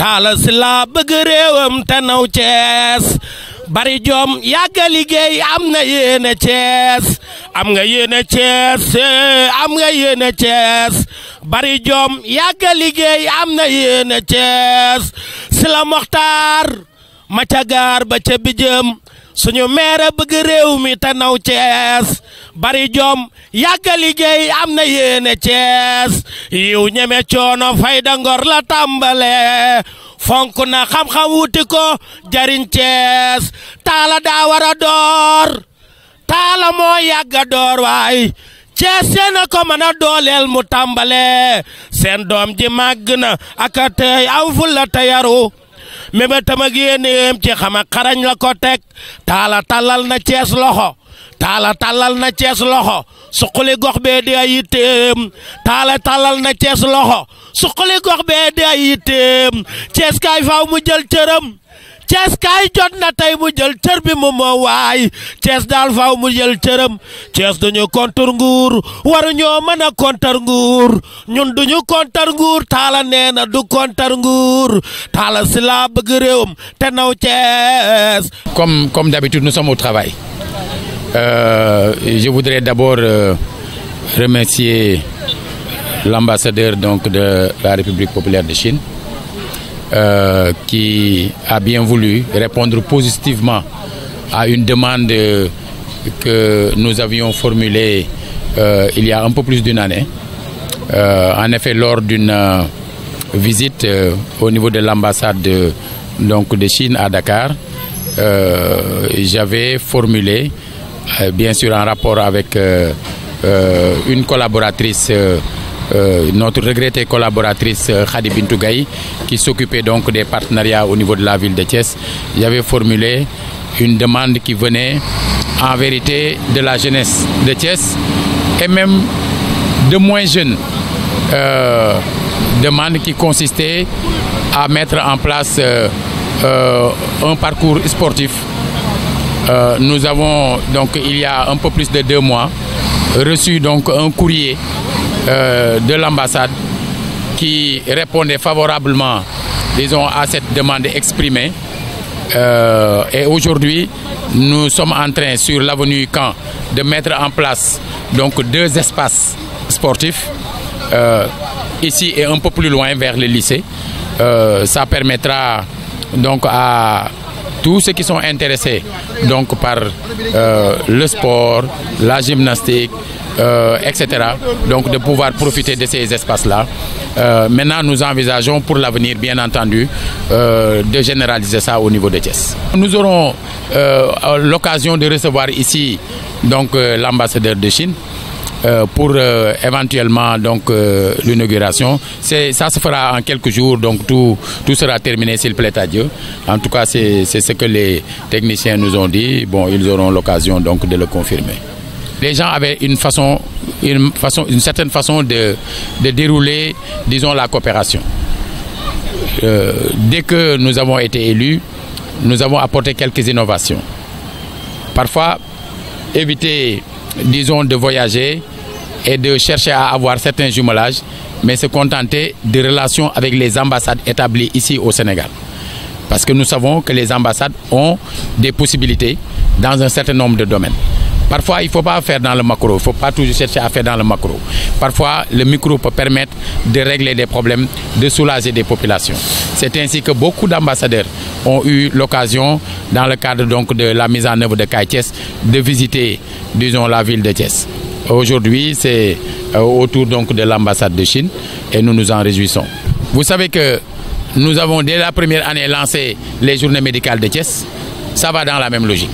taala si laa bëgg réewam te naw cees bari joom yàgga liggéey am na yéene cees am nga yéene cees am nga yéene cees bari joom yàgga liggéey am na yéene cees si la moxtaar ma ca gaar ba ca bijëm suñu maire bëgg réew mi te naw Cees bari jom yàgga liggéey am na yéene Cees yiw ñeme coono fayda ngor la tàmbale fonk na xam-xam wuti ko jariñ Cees taala daa war door taala moo yàgga door waay Cees seen ko mën a doolel mu tàmbale seen doom ji màgg na aka tey am fu la mébétam ak yéen yéem ci xam xarañ la ko teg taala tàllal na cees loxo taala tàllal na cees loxo suqali gox bee di ay yitteem taala tàllal na cees loxo suqali gox bee di ay yitteem cees kaay faaw mu jël cëram Cees kay jot na tey mu jël cër bi mu moo waay Cees dal faaw mu jël cëram Cees duñu kontur nguur waruñoo ñoo mëna kontar nguur ñun duñu kontar nguur taala neena du kontar nguur taala si laa bëgg réewam te naw Cees comme comme d'habitude nous sommes au travail euh, je voudrais d'abord euh, remercier l'ambassadeur donc de la République populaire de Chine euh, qui a bien voulu répondre positivement à une demande que nous avions formulée euh, il y a un peu plus d'une année. Euh, en effet, lors d'une visite au niveau de l'ambassade de, donc de Chine à Dakar, j'avais formulé, bien sûr en rapport avec une collaboratrice euh, notre regrettée collaboratrice euh, Khadi gaï qui s'occupait donc des partenariats au niveau de la ville de Thiès, j'avais formulé une demande qui venait en vérité de la jeunesse de Thiès et même de moins jeunes. Euh, demande qui consistait à mettre en place un parcours sportif. nous avons donc il y a un peu plus de deux mois reçu donc un courrier euh, de l'ambassade qui répondait favorablement, disons, à cette demande exprimée. Euh, et aujourd'hui, nous sommes en train, sur l'avenue Caen, de mettre en place donc, deux espaces sportifs, euh, ici et un peu plus loin vers le lycée. ça permettra donc à tous ceux qui sont intéressés donc, par le sport, la gymnastique, euh, etc. Donc de pouvoir profiter de ces espaces-là. Euh, maintenant, nous envisageons pour l'avenir, bien entendu, euh, de généraliser ça au niveau de Thiès. Nous aurons l'occasion de recevoir ici donc l'ambassadeur de Chine. pour éventuellement donc l'inauguration. Ça se fera en quelques jours, donc tout, tout sera terminé s'il plaît à Dieu. En tout cas, c'est ce que les techniciens nous ont dit. Bon, ils auront l'occasion donc de le confirmer les gens avaient une façon, une, certaine façon de, dérouler, disons, la coopération. Euh, dès que nous avons été élus, nous avons apporté quelques innovations. Parfois, éviter, disons, de voyager et de chercher à avoir certains jumelages, mais se contenter des relations avec les ambassades établies ici au Sénégal. Parce que nous savons que les ambassades ont des possibilités dans un certain nombre de domaines. Parfois, il ne faut pas faire dans le macro. Il ne faut pas toujours chercher à faire dans le macro. Parfois, le micro peut permettre de régler des problèmes, de soulager des populations. C'est ainsi que beaucoup d'ambassadeurs ont eu l'occasion, dans le cadre donc de la mise en œuvre de Kaïtiès, de visiter, disons, la ville de Thiès. Aujourd'hui, c'est euh, autour donc de l'ambassade de Chine et nous nous en réjouissons. Vous savez que nous avons dès la première année lancé les journées médicales de Thiès. Ça va dans la même logique.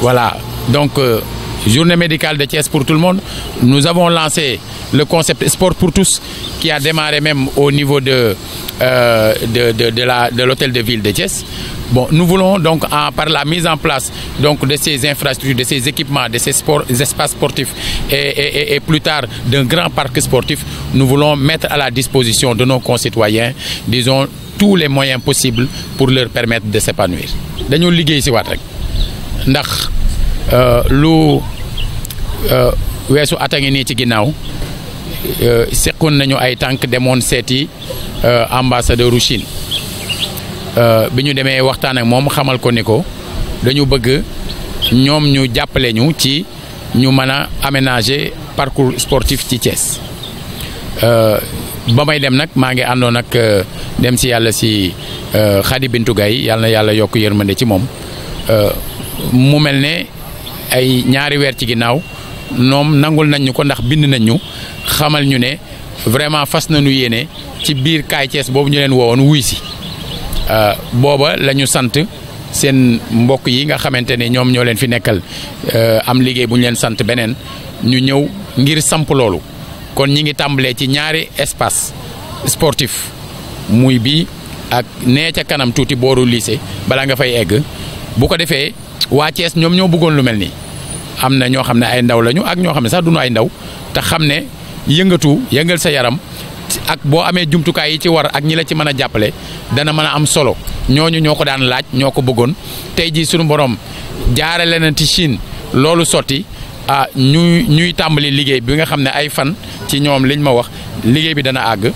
Voilà, donc, euh, journée médicale de Thiès pour tout le monde. Nous avons lancé le concept Sport pour tous qui a démarré même au niveau de, euh, de, l'hôtel de, ville de Thiès. Bon, nous voulons donc, par la mise en place donc, de ces infrastructures, de ces équipements, de ces sports, espaces sportifs et, plus tard d'un grand parc sportif, nous voulons mettre à la disposition de nos concitoyens, disons, tous les moyens possibles pour leur permettre de s'épanouir. Nous avons Euh, lu euh, weesu at a ngi nii ci ginnaaw euh, seqoon nañu ay tànk demoon seeti ambassadeur u Chine bi ñu demee waxtaan ak moom xamal ko ni ko dañu bëgg ñoom ñu jàppale ñu ci ñu mën a aménager parcours sportif ci Thiès ba may dem nag maa ngi àndoon ak dem si yàlla si Khady Bintou Gaye yàlla yàlla yokk yërmande ci moom mu mel ne ay ñaari weer ci ginnaaw noom nangul nañ ñu ko ndax bind nañu xamal ñu ne vraiment fas nañu yéene ci biir kaay Thiès boobu ñu leen woowoon wuy si euh, booba la ñu sant seen mbokk yi nga xamante ne ñoom ñoo leen fi nekkal euh, am liggéey bu leen sant beneen ñu ñëw ngir samp loolu kon ñi ngi tàmbalee ci ñaari espace sportif muy bi ak nee ca kanam tuuti booru lycée balaa nga fay egg bu ko defee waa Thiès ñoom ñoo bëggoon lu mel nii am na ñoo xam ne ay ndaw lañu ak ñoo xam ne sax duñu ay ndaw te xam ne yëngatu yëngal sa yaram ak boo amee jumtukaay yi ci war ak ñi la ci mën a jàppale dana mën a am solo ñooñu ñoo ko daan laaj ñoo ko bëggoon tey jii suñu borom jaarale na ci Chine loolu sotti ah ñuy ñuy tàmbali liggéey bi nga xam ne ay fan ci ñoom liñ ma wax liggéey bi dana àgg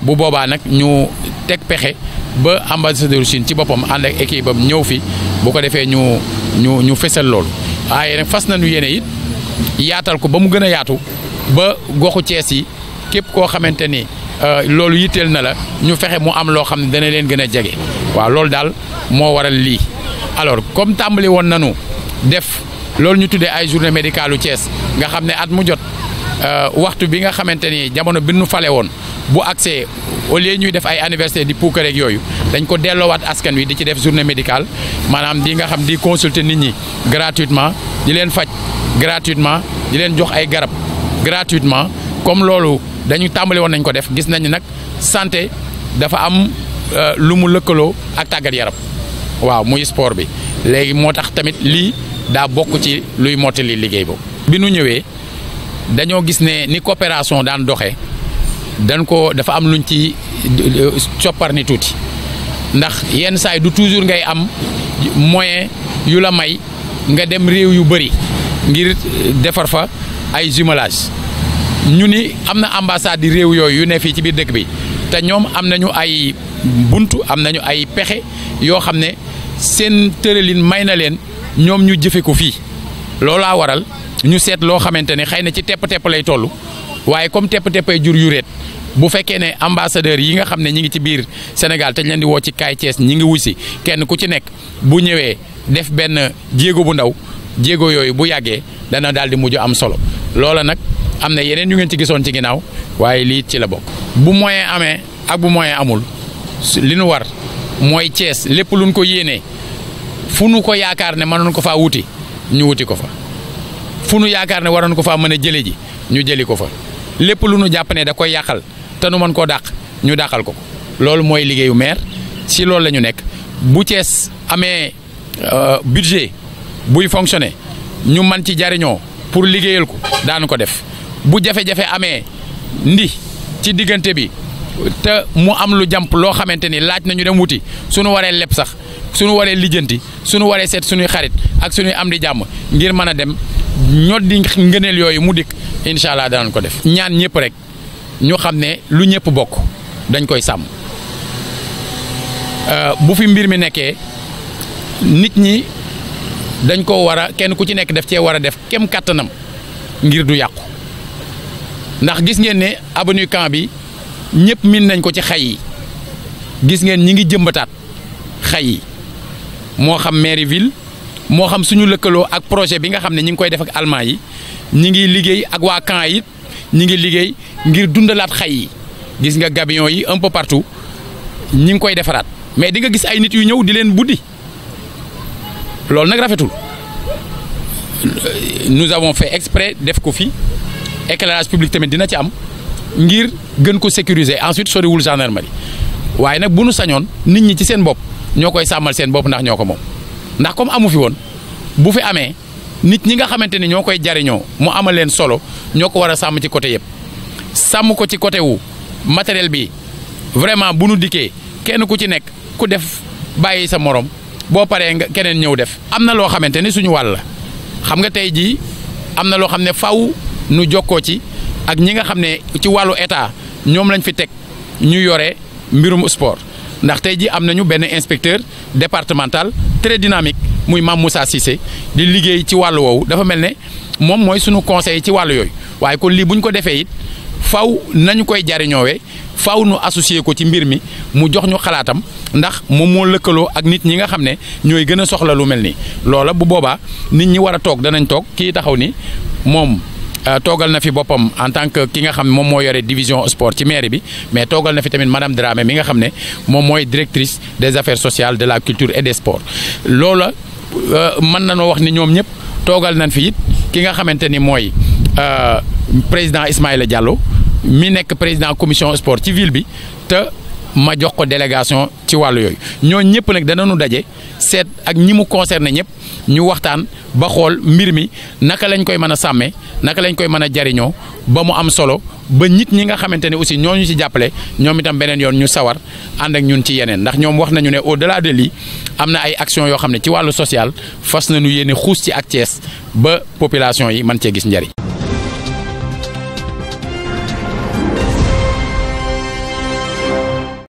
bu boobaa nag ñu teg pexe ba ambassadeur Chine ci boppam ànd ak équipe ñëw fi bu ko defee ñu. ñu ñu fesal loolu waaye nag fas nañu yéene it yaatal ko ba mu gën a yaatu ba goxu Cees yi képp koo xamante ni euh, loolu yitteel na la ñu fexe mu am loo xam ne dana leen gën a jege waaw loolu daal moo waral lii alors comme tàmbali woon nañu def loolu ñu tuddee ay journée médicale u nga xam ne at mu jot euh, waxtu bi nga xamante ni jamono bi nu fale woon bu accès au lieu ñuy def ay anniversaire di puukare yooyu dañ ko delloowaat askan wi di ci def journée médicale maanaam di nga xam di consulter nit ñi gratuitement di leen faj gratuitement di leen jox ay garab gratuitement comme loolu dañu tàmbali woon nañ ko def gis nañ nag santé dafa am euh, lu mu lëkkaloo ak tàggat yarab waaw muy sport bi léegi moo tax tamit lii daa bokk ci luy mottali liggéey boobu. bi nu ñëwee dañoo gis ne ni coopération daan doxee. dañ ko dafa am luñ ci chopar ni tuti ndax yenn say du toujours ngay am moyen yu la may nga dem rew yu bëri ngir defar fa ay jumelage ñu ni am na di rew yoy yu ne fi ci biir dekk bi te ñom am ñu ay buntu am ñu ay pexé yo xamné ne tereelin mayna len ñom ñu jëfé ko fi lola waral ñu set lo xamante ne na ci tepp-tepp lay tollu waye comme tepp ay jur yu bu fekkee ne ambassadeur yi nga xam ne ñi ngi ci biir Sénégal te ñu leen di woo ci kaay Thiès ñi ngi wuy si kenn ku ci nekk bu ñëwee def benn jéego bu ndaw jéego yooyu bu yàggee dana daal di mujj am solo loola nag am na yeneen yu ngeen ci gisoon ci ginnaaw waaye lii ci la bokk. bu moyen amee ak bu moyen amul li nu war mooy Thiès lépp luñ ko yéenee fu nu ko yaakaar ne mënoon ko faa wuti ñu wuti ko fa fu nu yaakaar ne waroon ko faa mën a jëlee ji ñu jëli ko fa lépp lu nu jàpp ne da koy yàqal. te nu mën koo dàq ñu dàqal ko loolu mooy liggéeyu maire si loolu lañu nekk bu cees amee euh, budget buy fonctionner ñu man ci jariñoo pour liggéeyal ko daanu ko def bu jafe-jafe amee ndi ci diggante bi te mu am lu jàmp loo xamante ni laaj nañu dem wuti su nu waree leb sax su nu waree lijjanti suñu waree seet suñuy xarit ak suñuy am di jàmm ngir mën a dem ñoddi ngëneel yooyu mu dikk incha allah danañ ko def ñaan ñëpp rek. ñu xamné ne lu ñëpp bokk dañ koy euh bu fi mbir mi nekké nit ñi dañ ko wara kenn ku ci nekk def ci wara def kem katanam ngir du yàqu ndax gis ngeen ne abonu camp bi ñëpp min nañ ko ci xay gis ngeen ñi ngi jëmbataat xay mo xam maire ville mo xam suñu lekkelo ak projet bi nga xam ne ñi ngi koy def ak allemand yi ñi ngi liggéey ak waa camp ñi liggéey ngir dundalaat xay gis nga gabion yi un peu partout ñi ngi koy defaraat mais di nga gis ay nit yu ñëw di leen buddi nous avons fait exprès def ko fi éclairage public tamit dina ci am ngir gën ko sécuriser ensuite soriwul gendarmerie waaye nit ñi nga xamante ni ñoo koy jariñoo mu amal leen solo ñoo ko war a sàmm ci côté yëpp sàmm ko ci côté wu matériel bi vraiment bu nu dikkee kenn ku ci nekk ku def bàyyi sa morom boo paree nga keneen ñëw def. am na loo xamante ni suñu wàll la xam nga tey jii am na loo xam ne faw nu jokkoo ci ak ñi nga xam ne ci wàllu état ñoom lañ fi teg ñu yore mbirum sport ndax tey jii am nañu benn inspecteur départemental très dinamique muy mamoussa Moussa Cissé di liggéey ci wàllu woowu dafa mel ne moom mooy sunu conseil ci wàllu yooyu waaye kon lii bu ñu ko defee it faw nañu koy jariñoowee faw nu associé ko ci mbir mi mu jox ñu xalaatam ndax moom moo lëkkaloo ak nit ñi nga xam ne ñooy gën soxla lu mel loola bu boobaa nit ñi war a toog danañ toog kii taxaw ni moom euh, toogal na fi boppam en tant que ki nga xam ne moom moo division sport ci mairie bi mais toogal na fi tamit madame Dramé mi nga xam ne moom directrice des affaires sociales de la culture et des sports loola Euh, mën nañoo wax ni ñoom ñëpp toogal nañ fi it ki nga xamante ni mooy euh, président Ismaïla Diallo mi nekk président commission sport ci ville bi te ma jox ko délégation ci wàllu yooyu ñoo ñëpp nag danañu daje seet ak ñi mu concerné ñëpp ñu waxtaan ba xool mbir mi naka lañ koy mën a sàmmee naka lañ koy mën a jariñoo ba mu am solo ba nit ñi nga xamante ne aussi ñoo ñu ci jàppale ñoom itam beneen yoon ñu sawar ànd ak ñun ci yeneen ndax ñoom wax nañu ne au delà de lii am na ay action yoo xam ne ci wàllu social fas nañu yéene xuus ci ak Thiès ba population yi mën cee gis njariñ